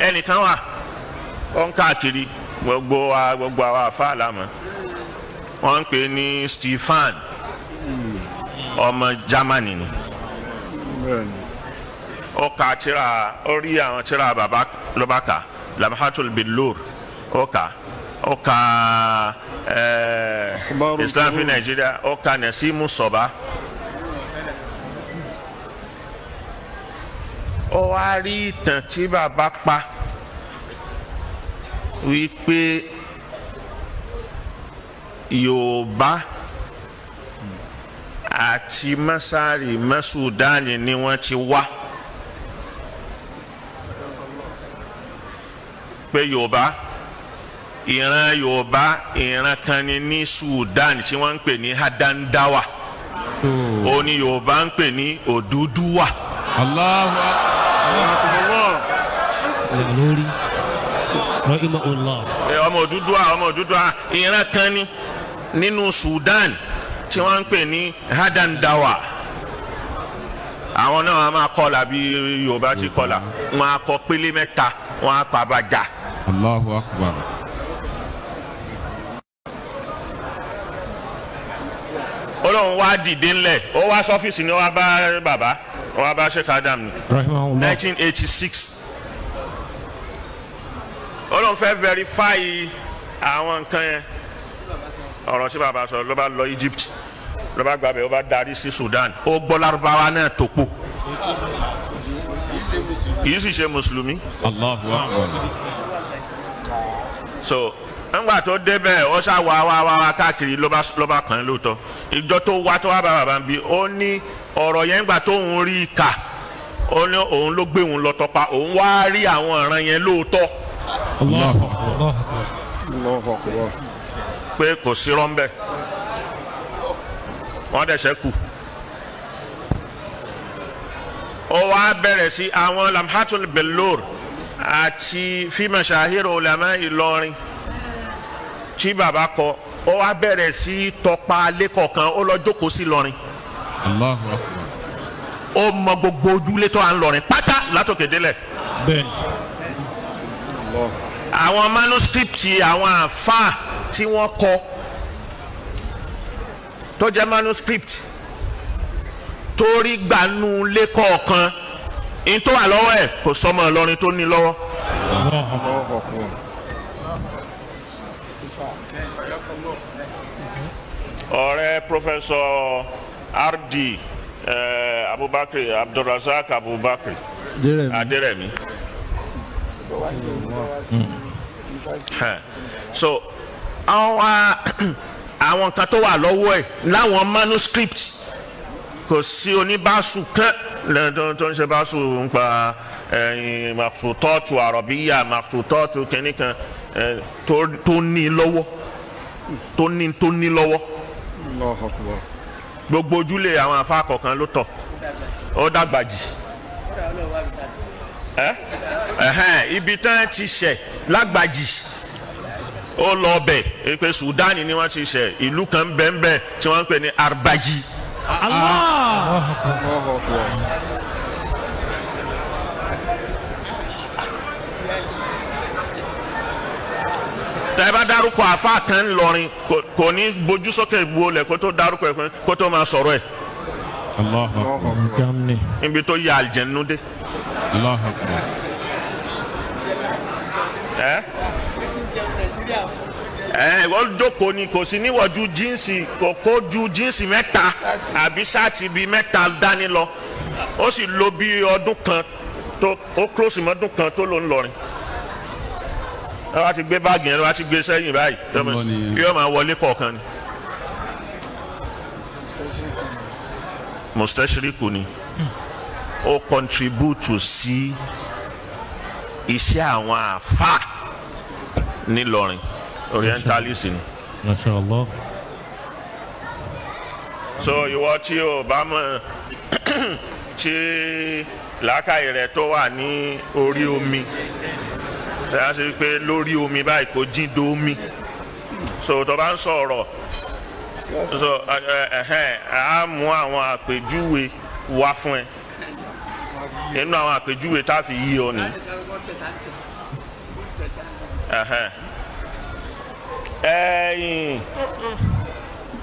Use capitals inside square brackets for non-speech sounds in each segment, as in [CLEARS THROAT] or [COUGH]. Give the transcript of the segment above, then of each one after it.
ẹnìkan wà ó ń káàkiri gbogbo wa gbogbo àwa àfáà lámà wọ́n ń pè ní Stefan ọmọ Germany ni ó ka tírà ó rí àwọn tírà bàbá lọ́ba kà lamahatul bilur ó kà ó ka eh, Islam fi Nàìjíríà ó ka Nasimu Sọba. ó wá rí ìtàn tí bàbá pa wípé Yorùbá àti Masari Masudani ni wọ́n ti wá pé Yorùbá ìran Yorùbá ìran kan ni ní Sudan tí wọ́n ń pè ní Hadandawa hmm. ó ní Yorùbá ń pè ní Odùduwà. Allahu Akbar olórí rahima allah. ọmọ Odùduwà ọmọ Odùduwà ìran kan ni nínú Sudan tí wọ́n ń pè ní hadandawa àwọn náà máa kọlà bí Yorùbá ti kọlà wọ́n á kọ pélé mẹ́ta wọ́n á pa bàjá. Allahu akbar. Ọlọ́run wá dìde ńlẹ̀ ó wá sọ́fíìsì ni ó bá bàbá wọ́n bá Sheikh Adam ní nineteen eighty six Ọlọ́run fẹ́ verify àwọn nǹkan yẹn ọ̀rọ̀ tí bàbá sọ ló bá lọ Egypt ló bá gbàbẹ̀ ó bá darí sí Sudan ó gbọ́ Lárúbáwá náà tó pọ̀ kì í sì ṣe mùsùlùmí. so ńgbà tó débẹ̀ ó ṣá wá wá wá káàkiri ló bá kàn án lóòótọ́ ìjọ tó wá tó wá bá bàbá bí ó ní ọ̀rọ̀ yẹn gbà tóun rí i kà ó ní òun ló gbé òun lọ tọpa òun wá rí àwọn ọ̀ràn yẹn lóòótọ́. pé kò sí rọ́ńbẹ́ wọ́n dẹ̀sẹ̀ kù. ó wá bẹ̀rẹ̀ sí àwọn lamhatul belor àti fímọ̀ṣáhírò ulama Ìlọrin tí bàbá kọ ó wá bẹ̀rẹ̀ sí tọpa alẹ́ kọ̀ọ̀kan ó lọ jókòó sí Ìlọrin. Allahu Akbar. ó mọ gbogbo ojúlé tó à ń lọrin pátá látòkè délẹ̀. bẹ́ẹ̀ni. àwọn manuscript àwọn àáfàá tí wọ́n kọ tó jẹ́ manuscript torí gbanú lé kọ̀ọ̀kan n tó wà lọ́wọ́ ẹ̀ kò sọmọ Ìlọrin tó ní lọ́wọ́. ọ̀rẹ́ pọ́fẹ́sọ̀ rd uh, eh, abubakar abdulrasaq abubakar aderemi hmm. so àwọn [CLEARS THROAT] àwọn nǹkan tó wà lọ́wọ́ ẹ̀ láwọn manuscript kò sí oníbàásù kan lẹ́yìn tó ń ṣe bàásù nípa màfùtọ́tù àrọ̀bíyà màfùtọ́tù kìnìún kan eh, tó ní lọ́wọ́ tó ní lọ́wọ́ gbogbo ojúlé àwọn afa kọ̀ọ̀kan ló tọ̀ ó dàgbà jì ibi tán ti ṣẹ̀ lágbàjì ó lọ bẹ̀ pé Sudan ni wọ́n ti ṣẹ̀ ìlú kan bẹ́ẹ̀ bẹ́ẹ̀ tí wọ́n ń pè ní Arbaji. Allah. tẹ́ bá dárúkọ àfa kan ńlọrin kò ní bójú sókè gbolẹ̀ kó tó dárúkọ ẹ̀ kó tó máa sọ̀rọ̀ ẹ̀. níbi tó yẹ àlìjẹ̀nu dé. ẹ ẹ wọ́n jókòó ni kò sí níwọ̀jú jíǹsì kò kó ju jíǹsì mẹ́ta àbí ṣáàtì bíi mẹ́ta dání lọ ó sì lò bí ọdún kan tó ó kúrò sí mọ́dún kan tó ló ń lọrin ẹ wá ti gbé báàgì yẹn ẹ wá ti gbé sẹ́yìn báyìí kí ọ máa wọlé kọ̀ọ̀kan ni. mustachiriku ni ó kọntribútù sí iṣẹ́ àwọn àfa nílọrin orientalist ni. so ìwọ tí o bá mọ̀ tí làákàyè rẹ tó wà ní orí omi tẹ́lá ṣe pé lórí omi báyìí kò jín do omi so tó bá ń sọ̀rọ̀ so a mú àwọn àpèjúwe wá fún ẹ nínú àwọn àpèjúwe tá a fi yí ọ nìyí ẹ̀yin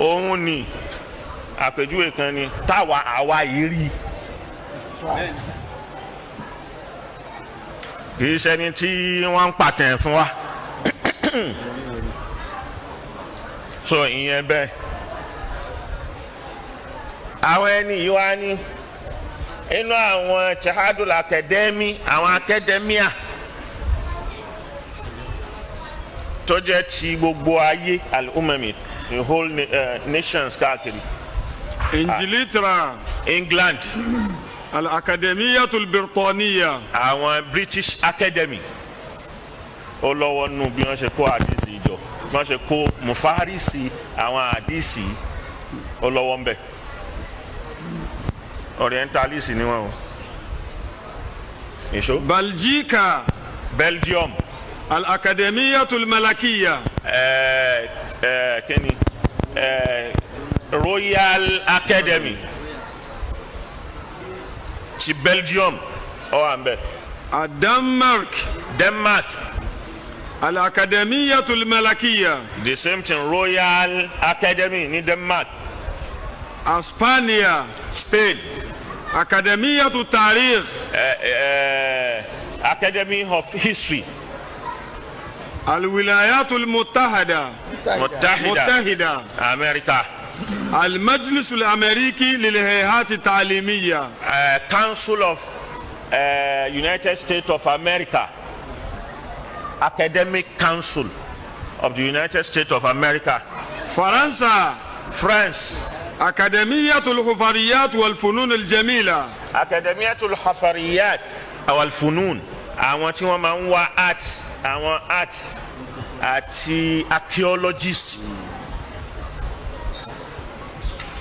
òun ni àpèjúwe kan ni táwa àwa yìí rí kì í tí wọ́n ń pàtẹ́ fún wa so ìyẹn bẹ́ẹ̀ àwọn ẹni yìí wá ní inú àwọn chahadul akademi àwọn akademia tó jẹ́ ti gbogbo ayé al-umami the whole uh, nations káàkiri. injilitra. England al-akademiyatul birtaniya. àwọn british academy ó lọ́wọ́ nù bí wọ́n ṣe kó àdìsí jọ bí wọ́n ṣe kó mufarisi àwọn àdìsí ó lọ́wọ́ ń bẹ̀ orientalist ni wọn o. èso. baljika. belgium. al-akademiyatul malakiya. ẹẹ ẹẹ kí ni ẹẹ royal academy. Mm -hmm. ci belgium o wa nbɛ. الدنمارك دنمارك الأكاديمية الملكية the same thing Royal Academy ní Denmark أسبانيا Spain أكاديمية التاريخ eh, eh, Academy of History الولايات المتحدة متحدة متحدة أمريكا المجلس الأمريكي للهيئات التعليمية uh, Council of uh, United States of America Academic Council of the United States of America فرنسا فرنس، أكاديمية الحفريات والفنون الجميلة أكاديمية الحفريات أو الفنون àwọn tí wọ́n máa ń wá art àwọn art àti archaeologist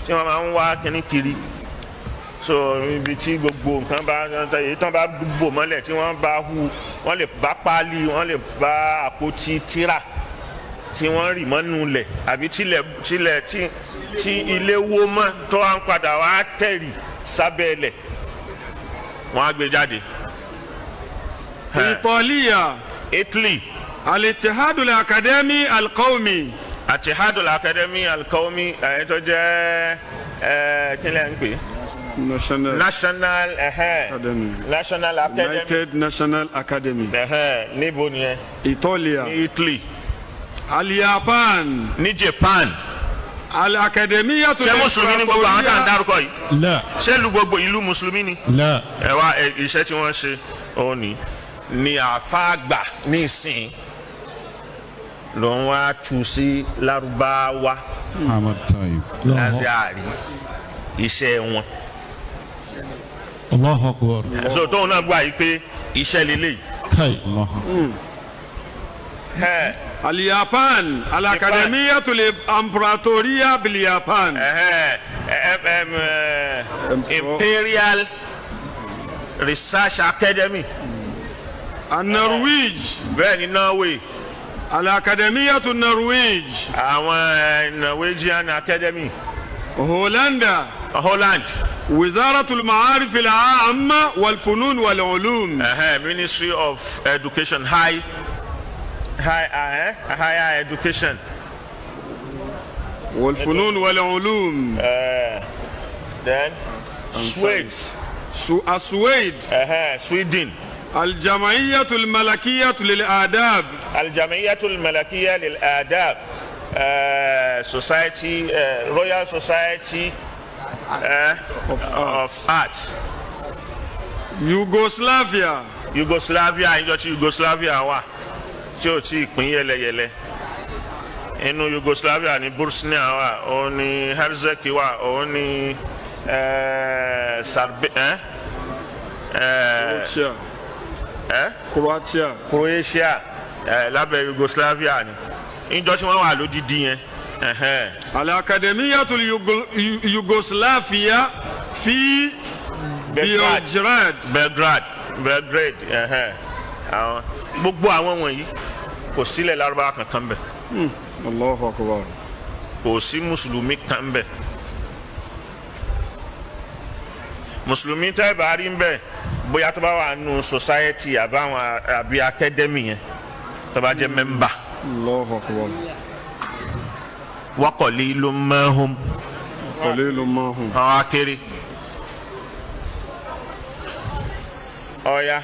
tí wọ́n máa ń wá kíní kiri so ibi tí gbogbo nǹkan bá èyí tán bá bò mọ́lẹ̀ tí wọ́n bá hu wọ́n lè bá páálí wọ́n lè bá àpótí tírà tí wọ́n rì mọ́nú lẹ̀ àbí tilẹ̀ tilẹ̀ tí tí ilé wó mọ́ tó à ń padà wá tẹ̀rì sábẹ́ lẹ̀ wọ́n á gbé jáde. ìtọ́líyà. Italy. alitihadul akademi alqawmi atihadul akademi alkaomi ẹ̀yìn tó jẹ́ ẹ̀ kílẹ̀ ń pè. national national academy united national academy níbo ni ẹ. italia ní italy. aliapan. Ni japan. alakademiya tó. ṣé mùsùlùmí ni gbogbo àwọn tá ń dárúkọ yìí. la ṣé lu gbogbo ìlú mùsùlùmí ni. la ẹ wá iṣẹ́ tí wọ́n ṣe òun ni ni àfa àgbà ní ìsìn ló ń wá tu sí lárúbáwá láti àárí iṣẹ́ wọn. Allahu Akbar. ẹ̀sọ́ tóun náà gbà yí pé iṣẹ́ lélẹ̀ yìí. Hmm. Al-Yapan al-Akademiyatul Imperatoriya Imperial Research Academy. a norwich bẹ́ẹ̀ ni Norway. الأكاديمية النرويج أوان أكاديمي هولندا هولندا وزارة المعارف العامة والفنون والعلوم أها Ministry of Education High High uh, Higher Education والفنون والعلوم eh, then ah, Sweden Su أها Sweden aljamaiyatul malakiya lil adab. aljamaiyatul malakiya adab uh, society uh, royal society uh, of, art. yugoslavia. yugoslavia ìjọ tí yugoslavia wà tí ò tí ì pín yẹlẹyẹlẹ inú yugoslavia ní bosnia wà òun ní herzeg wà òun ní uh, sarbe. Eh? Uh, eh? Croatia Croatia eh, lábẹ́ Yugoslavia ni níjọ́ tí wọ́n wà lódìdí yẹn. Al-Akademiyatul Yugoslavia fi Belgrade Belgrade Belgrade gbogbo àwọn wọ̀nyí kò sílẹ̀ lárúbáwá kankan bẹ̀. Hmm. Allahu Akbar. kò sí mùsùlùmí kan bẹ̀ mùsùlùmí tẹ́ bàárí ń bóyá tó bá wà nù society àbáwọn àbí academy yẹn tó bá jẹ́ mẹ́mbà. wa qalilum ma hum. qalilum ma hum. àwọn akéré. ọ̀ya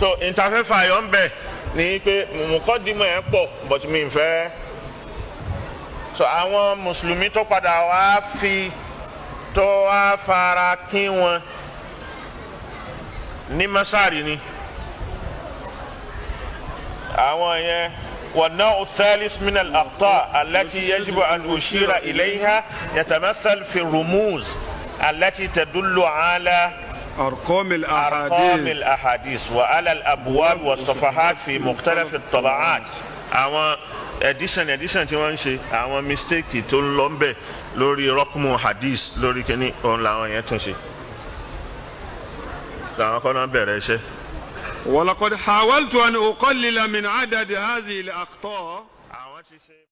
so ìtafẹ́fà yọ̀ ń bẹ̀ ni pé mọ̀mọ́kọ́ dìímọ̀ ẹ̀ pọ̀ but mi n fẹ́. so àwọn mùsùlùmí tó padà wá fi tó wá fara kí wọn ní masari ni àwọn yẹn والنوع الثالث من الأخطاء التي يجب أن أشير إليها يتمثل في الرموز التي تدل على أرقام الأحاديث, أرقام الأحاديث وعلى الأبواب والصفحات في مختلف الطبعات àwọn edition edition tí wọ́n ń ṣe àwọn mistake tó ń lọ ń bẹ̀ lórí rọ́kùmù hadith lórí kínní òun làwọn yẹn tún ṣe làwọn kọ́ náà bẹ̀rẹ̀ iṣẹ́. ولقد حاولت أن أقلل من عدد هذه الأخطاء